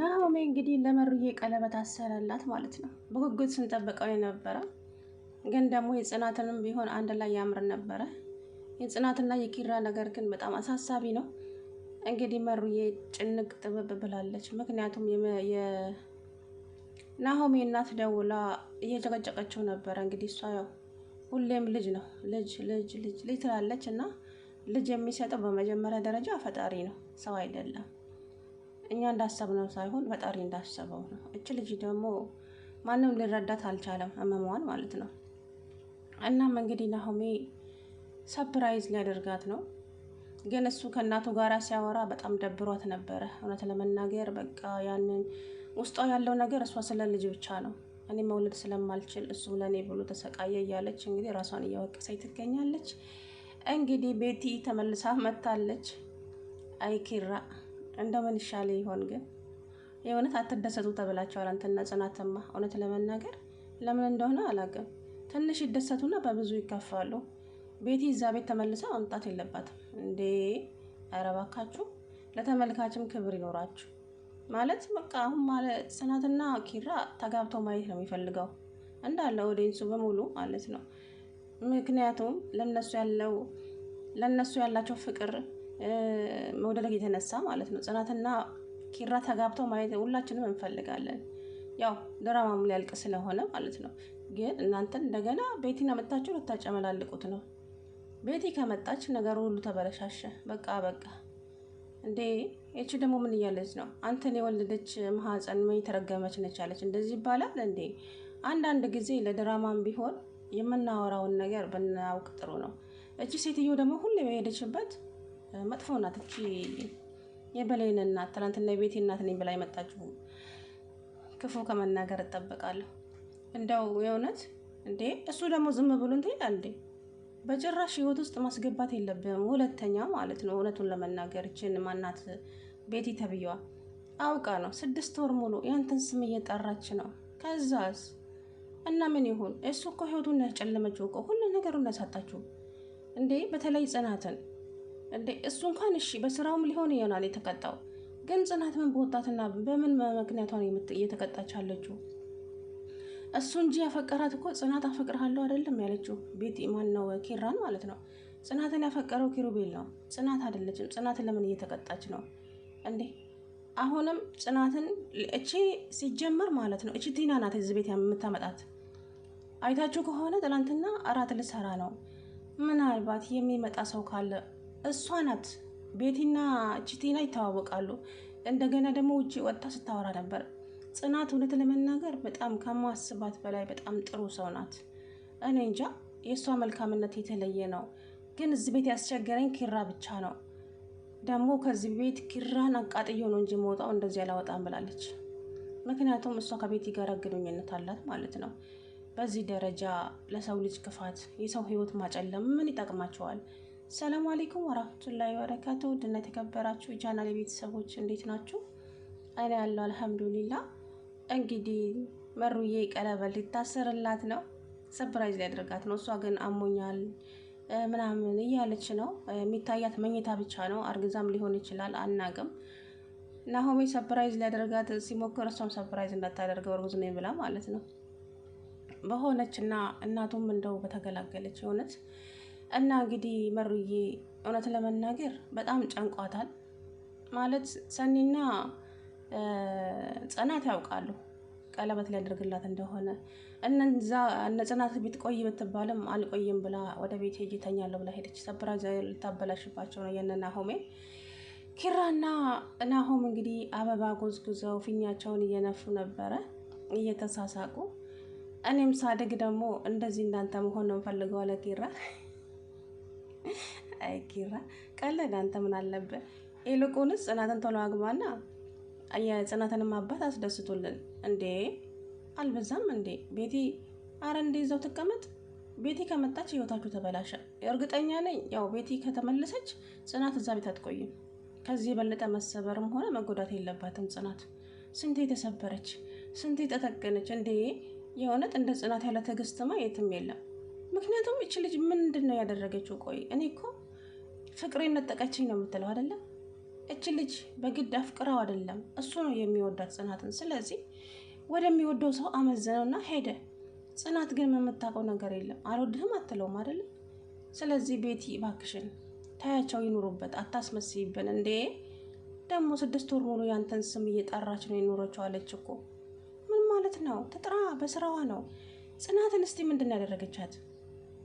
ናሆሜ እንግዲህ ለመሩዬ ቀለበት አሰረላት ማለት ነው። በጉጉት ስንጠብቀው የነበረ ግን ደግሞ የጽናትንም ቢሆን አንድ ላይ ያምር ነበረ። የጽናትና የኪራ ነገር ግን በጣም አሳሳቢ ነው። እንግዲህ መሩዬ ጭንቅ ጥብብ ብላለች። ምክንያቱም የናሆሜ እናት ደውላ እየጨቀጨቀችው ነበረ። እንግዲህ እሷ ያው ሁሌም ልጅ ነው ልጅ ልጅ ልጅ ልጅ ትላለች እና ልጅ የሚሰጠው በመጀመሪያ ደረጃ ፈጣሪ ነው፣ ሰው አይደለም። እኛ እንዳሰብነው ሳይሆን ፈጣሪ እንዳሰበው ነው። እች ልጅ ደግሞ ማንም ሊረዳት አልቻለም፣ ህመሟን ማለት ነው። እናም እንግዲህ ናሆሜ ሰፕራይዝ ሊያደርጋት ነው። ግን እሱ ከእናቱ ጋር ሲያወራ በጣም ደብሯት ነበረ። እውነት ለመናገር በቃ ያንን ውስጧ ያለው ነገር እሷ ስለ ልጅ ብቻ ነው እኔ መውለድ ስለማልችል እሱ ለእኔ ብሎ ተሰቃየ እያለች እንግዲህ ራሷን እየወቀሰች ትገኛለች። እንግዲህ ቤቲ ተመልሳ መታለች። አይኪራ እንደው ምን ይሻለ ይሆን ግን? የእውነት አትደሰቱ ተብላቸዋል። አንተና ጽናትማ እውነት ለመናገር ለምን እንደሆነ አላውቅም። ትንሽ ይደሰቱና በብዙ ይከፋሉ። ቤቲ እዛ ቤት ተመልሳ መምጣት የለባትም እንዴ! ኧረ እባካችሁ ለተመልካችም ክብር ይኖራችሁ። ማለት በቃ አሁን ማለት ጽናትና ኪራ ተጋብተው ማየት ነው የሚፈልገው እንዳለ ኦዲየንሱ በሙሉ ማለት ነው። ምክንያቱም ለነሱ ያለው ለነሱ ያላቸው ፍቅር መውደለግ የተነሳ ማለት ነው ጽናትና ኪራ ተጋብተው ማየት ሁላችንም እንፈልጋለን። ያው ድራማም ሊያልቅ ስለሆነ ማለት ነው። ግን እናንተ እንደገና ቤቲን አመጣችሁ ልታጨመላልቁት ነው። ቤቲ ከመጣች ነገሩ ሁሉ ተበለሻሸ። በቃ በቃ እንዴ! ይቺ ደግሞ ምን እያለች ነው? አንተን የወለደች ማህፀን የተረገመች ነች አለች። እንደዚህ ይባላል እንዴ? አንዳንድ ጊዜ ለድራማም ቢሆን የምናወራውን ነገር ብናውቅ ጥሩ ነው። እቺ ሴትዮ ደግሞ ሁሌ በሄደችበት መጥፎ ናት እቺ የበላይን እናት ትናንትና የቤቴ እናት ነኝ ብላ የመጣችሁ ክፉ ከመናገር እጠበቃለሁ። እንደው የእውነት እንዴ እሱ ደግሞ ዝም ብሎ እንትን ይላል እንዴ? በጭራሽ ህይወት ውስጥ ማስገባት የለብም ሁለተኛ ማለት ነው። እውነቱን ለመናገር እችን ማናት ቤቲ ተብዬዋ አውቃ ነው ስድስት ወር ሙሉ ያንተን ስም እየጠራች ነው። ከዛስ እና ምን ይሁን? እሱ እኮ ህይወቱን ያጨለመችው እኮ ሁሉ ነገሩን ያሳጣችሁ እንዴ። በተለይ ጽናትን እንዴ እሱ እንኳን እሺ በስራውም ሊሆን ይሆናል የተቀጣው። ግን ጽናት ምን በወጣትና በምን ነው እየተቀጣች አለችው? እሱ እንጂ ያፈቀራት እኮ ጽናት አፈቅርሃለሁ አይደለም ያለችው። ቤት ማን ነው? ኪራን ማለት ነው። ጽናትን ያፈቀረው ኪሩቤል ነው። ጽናት አይደለችም። ጽናትን ለምን እየተቀጣች ነው እንዴ? አሁንም ጽናትን እቺ ሲጀመር ማለት ነው እቺ ቲና ናት እዚህ ቤት የምታመጣት። አይታችሁ ከሆነ ትናንትና አራት ልሰራ ነው ምናልባት የሚመጣ ሰው ካለ እሷ ናት። ቤቲና ቺቲና ይተዋወቃሉ። እንደገና ደግሞ ውጭ ወጥታ ስታወራ ነበር። ጽናት እውነት ለመናገር በጣም ከማስባት በላይ በጣም ጥሩ ሰው ናት። እኔ እንጃ የእሷ መልካምነት የተለየ ነው። ግን እዚህ ቤት ያስቸገረኝ ኪራ ብቻ ነው። ደግሞ ከዚህ ቤት ኪራን አቃጥየው ነው እንጂ መውጣው እንደዚህ አላወጣም ብላለች። ምክንያቱም እሷ ከቤቲ ጋር ግንኙነት አላት ማለት ነው። በዚህ ደረጃ ለሰው ልጅ ክፋት፣ የሰው ህይወት ማጨለም ምን ይጠቅማቸዋል? ሰላም አለይኩም ወራህመቱላሂ ወበረካቱ ውድና የተከበራችሁ ቻናል ቤተሰቦች እንዴት ናችሁ? እኔ ያለው አልሐምዱሊላ። እንግዲህ መሩዬ ቀለበት ሊታሰርላት ነው፣ ሰፕራይዝ ሊያደርጋት ነው። እሷ ግን አሞኛል ምናምን እያለች ነው። የሚታያት መኝታ ብቻ ነው፣ አርግዛም ሊሆን ይችላል አናቅም። ናሆሜ ሰፕራይዝ ሊያደርጋት ሲሞክር እሷም ሰፕራይዝ እንዳታደርገው እርጉዝ ነኝ ብላ ማለት ነው በሆነች እና እናቱም እንደው በተገላገለች የሆነት እና እንግዲህ መሩዬ እውነት ለመናገር በጣም ጨንቋታል። ማለት ሰኒና ጽናት ያውቃሉ ቀለበት ሊያደርግላት እንደሆነ። እነዛ እነ ጽናት ቆይ ብትባልም አልቆይም ብላ ወደ ቤት ሄጅ ተኛለሁ ብላ ሄደች። ሰፕራይዝ ልታበላሽባቸው ነው የነ ናሆሜ ኪራና ናሆም እንግዲህ አበባ ጎዝጉዘው ፊኛቸውን እየነፉ ነበረ እየተሳሳቁ። እኔም ሳድግ ደግሞ እንደዚህ እንዳንተ መሆን ነው የምፈልገው አለ ኪራ። አይኪራ ቀለድ፣ አንተ ምን አለበት? ይልቁንስ ጽናትን ቶሎ አግባና የጽናትንም አባት አስደስቶልን እንዴ አልበዛም እንዴ ቤቲ? አረ እንዴ ይዛው ትቀመጥ። ቤቲ ከመጣች ህይወታችሁ ተበላሸ። እርግጠኛ ነኝ ያው ቤቲ ከተመለሰች ጽናት እዛ ቤት አትቆይም። ከዚህ የበለጠ መሰበርም ሆነ መጎዳት የለባትም ጽናት። ስንቴ ተሰበረች፣ ስንቴ ተጠገነች። እንዴ የእውነት እንደ ጽናት ያለ ትዕግስትማ የትም የለም። ምክንያቱም እች ልጅ ምንድን ነው ያደረገችው? ቆይ እኔ እኮ ፍቅሬ ነጠቀችኝ ነው የምትለው አይደለም? እች ልጅ በግድ አፍቅረው አይደለም፣ እሱ ነው የሚወዳት ጽናትን። ስለዚህ ወደሚወደው ሰው አመዘነውና ሄደ። ጽናት ግን የምታውቀው ነገር የለም። አልወድህም አትለውም አይደለም? ስለዚህ ቤቲ እባክሽን ታያቸው ይኑሩበት፣ አታስመስይብን። እንዴ ደግሞ ስድስት ወር ሙሉ ያንተን ስም እየጠራች ነው የኖረችው አለች እኮ ምን ማለት ነው? ትጥራ፣ በስራዋ ነው። ጽናትን እስቲ ምንድን ያደረገቻት?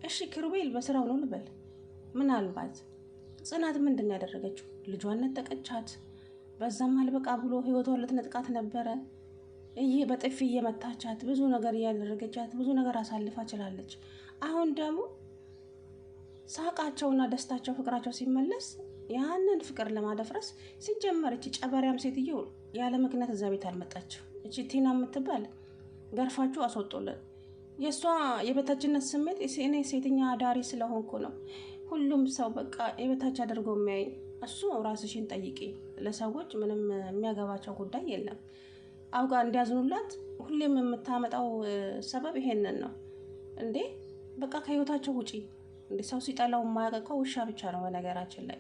እሺ ኪሩቤል በስራው ነው እንበል። ምናልባት ጽናት ምንድን ነው ያደረገችው? ልጇን ነጠቀቻት። በዛም አልበቃ ብሎ ህይወቷን ልትነጥቃት ነበረ። ይህ በጥፊ እየመታቻት ብዙ ነገር እያደረገቻት ብዙ ነገር አሳልፋ ችላለች። አሁን ደግሞ ሳቃቸውና ደስታቸው ፍቅራቸው ሲመለስ ያንን ፍቅር ለማደፍረስ ሲጀመር እቺ ጨበሪያም ሴትየው ያለ ምክንያት እዛ ቤት አልመጣችው። እቺ ቲና የምትባል ገርፋችሁ አስወጡልን የእሷ የበታችነት ስሜት እኔ ሴተኛ አዳሪ ስለሆንኩ ነው። ሁሉም ሰው በቃ የበታች አድርጎ የሚያይ እሱ ራስሽን ጠይቂ። ለሰዎች ምንም የሚያገባቸው ጉዳይ የለም። አውቃ እንዲያዝኑላት ሁሌም የምታመጣው ሰበብ ይሄንን ነው እንዴ። በቃ ከህይወታቸው ውጪ እንደ ሰው ሲጠላው የማያውቀው ውሻ ብቻ ነው። በነገራችን ላይ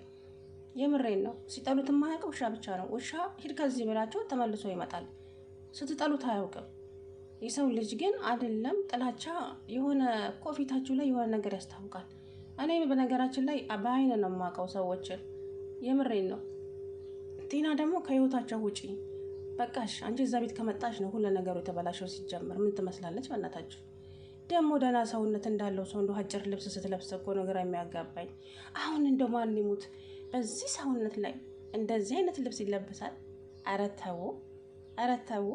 የምሬን ነው። ሲጠሉት የማያውቀው ውሻ ብቻ ነው። ውሻ ሂድ ከዚህ ብላቸው ተመልሶ ይመጣል። ስትጠሉት አያውቅም። የሰው ልጅ ግን አይደለም ጥላቻ የሆነ እኮ ፊታችሁ ላይ የሆነ ነገር ያስታውቃል። እኔ በነገራችን ላይ በአይን ነው የማውቀው ሰዎችን፣ የምሬን ነው። ቲና ደግሞ ከህይወታቸው ውጪ በቃሽ። አንቺ እዛ ቤት ከመጣሽ ነው ሁሉ ነገሩ የተበላሸው። ሲጀምር ምን ትመስላለች በእናታችሁ? ደግሞ ደህና ሰውነት እንዳለው ሰው እንደ አጭር ልብስ ስትለብስ እኮ ነገር የሚያጋባኝ አሁን እንደ ማን ይሙት በዚህ ሰውነት ላይ እንደዚህ አይነት ልብስ ይለብሳል? ኧረ ተው፣ ኧረ ተው።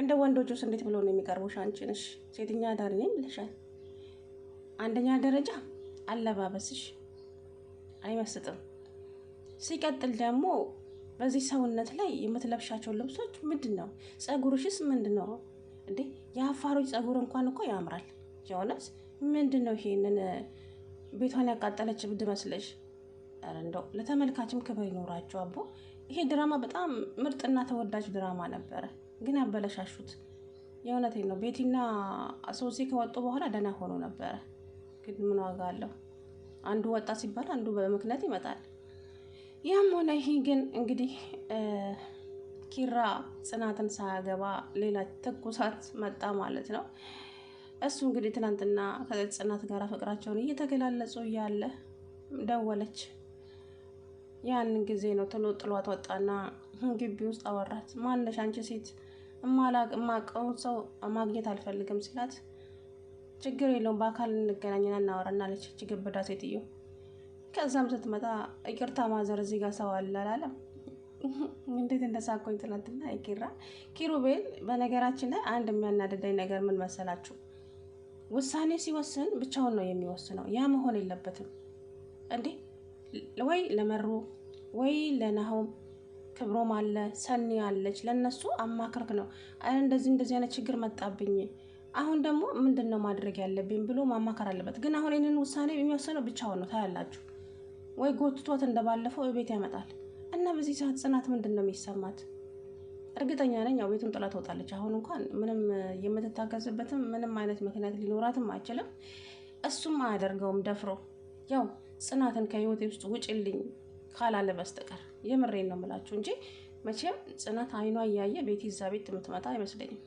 እንደ ወንዶቹስ እንዴት ብሎ ነው የሚቀርቡሽ? አንቺ ሴትኛ አዳሪ ነኝ ብለሻል። አንደኛ ደረጃ አለባበስሽ አይመስጥም። ሲቀጥል ደግሞ በዚህ ሰውነት ላይ የምትለብሻቸው ልብሶች ምንድን ነው? ጸጉርሽስ ምንድን ነው እንዴ? የአፋሮች ፀጉር እንኳን እኮ ያምራል። የእውነት ምንድን ነው ይሄንን ቤቷን ያቃጠለች እብድ መስለሽ? እንደው ለተመልካችም ክብር ይኖራቸው አቦ። ይሄ ድራማ በጣም ምርጥና ተወዳጅ ድራማ ነበረ። ግን አበለሻሹት። የእውነቴ ነው። ቤቲና ሶሴ ከወጡ በኋላ ደህና ሆኖ ነበረ። ግን ምን ዋጋ አለው? አንዱ ወጣ ሲባል አንዱ በምክንያት ይመጣል። ያም ሆነ ይህ ግን እንግዲህ ኪራ ጽናትን ሳያገባ ሌላ ትኩሳት መጣ ማለት ነው። እሱ እንግዲህ ትናንትና ከጽናት ጋር ፍቅራቸውን እየተገላለጹ እያለ ደወለች። ያንን ጊዜ ነው ትሎ ጥሏት ወጣና ግቢ ውስጥ አወራት። ማነሽ አንቺ ሴት እማቀውን ሰው ማግኘት አልፈልግም ሲላት ችግር የለውም በአካል እንገናኝና እናወራና ችግር ብዳ ሴትዮ። ከዛም ስትመጣ ይቅርታ ማዘር እዚህ ጋር ሰው አለ አላለም። እንዴት እንደሳቆኝ ትናንትና ኪራ ኪሩቤል። በነገራችን ላይ አንድ የሚያናደደኝ ነገር ምን መሰላችሁ? ውሳኔ ሲወስን ብቻውን ነው የሚወስነው። ያ መሆን የለበትም እንዴ! ወይ ለመሩ ወይ ለናሆም ክብሮም አለ፣ ሰኒ አለች። ለነሱ አማክርክ ነው እንደዚህ እንደዚህ አይነት ችግር መጣብኝ፣ አሁን ደግሞ ምንድን ነው ማድረግ ያለብኝ ብሎ ማማከር አለበት። ግን አሁን ይህንን ውሳኔ የሚወሰነው ብቻውን ነው። ታያላችሁ ወይ ጎትቶት እንደባለፈው ቤት ያመጣል እና በዚህ ሰዓት ጽናት ምንድን ነው የሚሰማት? እርግጠኛ ነኝ ያው ቤቱን ጥላ ትወጣለች። አሁን እንኳን ምንም የምትታገዝበትም ምንም አይነት ምክንያት ሊኖራትም አይችልም። እሱም አያደርገውም ደፍሮ ያው ጽናትን ከህይወቴ ውስጥ ውጭልኝ ካላለ በስተቀር የምሬን ነው የምላችሁ እንጂ መቼም ጽናት አይኗ እያየ ቤት እዛ ቤት የምትመጣ አይመስለኝም።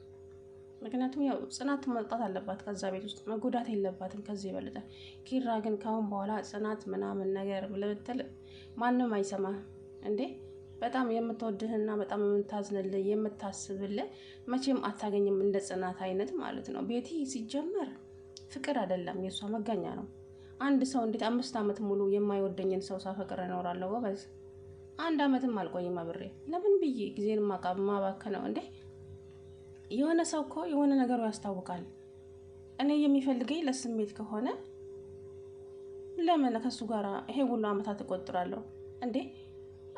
ምክንያቱም ያው ጽናት መውጣት አለባት ከዛ ቤት ውስጥ መጎዳት የለባትም ከዚህ የበለጠ። ኪራ ግን ካሁን በኋላ ጽናት ምናምን ነገር ለምትል ማንም አይሰማ እንዴ በጣም የምትወድህና በጣም የምታዝንልህ የምታስብልህ መቼም አታገኝም እንደ ጽናት አይነት ማለት ነው። ቤቲ ሲጀመር ፍቅር አይደለም የእሷ መገኛ ነው። አንድ ሰው እንዴት አምስት ዓመት ሙሉ የማይወደኝን ሰው ሳፈቅር እኖራለሁ? ጎበዝ አንድ ዓመትም አልቆይም አብሬ። ለምን ብዬ ጊዜን ማባከ ነው እንዴ? የሆነ ሰው እኮ የሆነ ነገሩ ያስታውቃል። እኔ የሚፈልገኝ ለስሜት ከሆነ ለምን ከእሱ ጋር ይሄ ሁሉ ዓመታት እቆጥራለሁ እንዴ?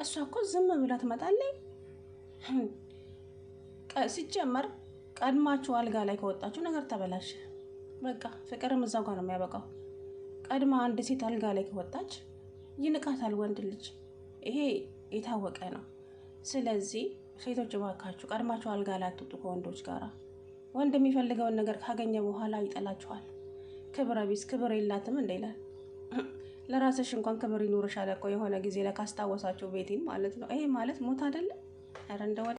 እሷ እኮ ዝም ብላ ትመጣለኝ። ሲጀመር ቀድማችሁ አልጋ ላይ ከወጣችሁ ነገር ተበላሸ። በቃ ፍቅርም እዛው ጋር ነው የሚያበቃው። ቀድማ አንድ ሴት አልጋ ላይ ከወጣች ይንቃታል ወንድ ልጅ። ይሄ የታወቀ ነው። ስለዚህ ሴቶች እባካችሁ ቀድማችሁ አልጋ ላይ አትወጡ ከወንዶች ጋር። ወንድ የሚፈልገውን ነገር ካገኘ በኋላ ይጠላችኋል። ክብረ ቢስ ክብር የላትም እንደ ይላል። ለራስሽ እንኳን ክብር ይኑርሻል እኮ የሆነ ጊዜ ለካስታወሳቸው ቤቴን ማለት ነው። ይሄ ማለት ሞት አይደለም። ኧረ እንደው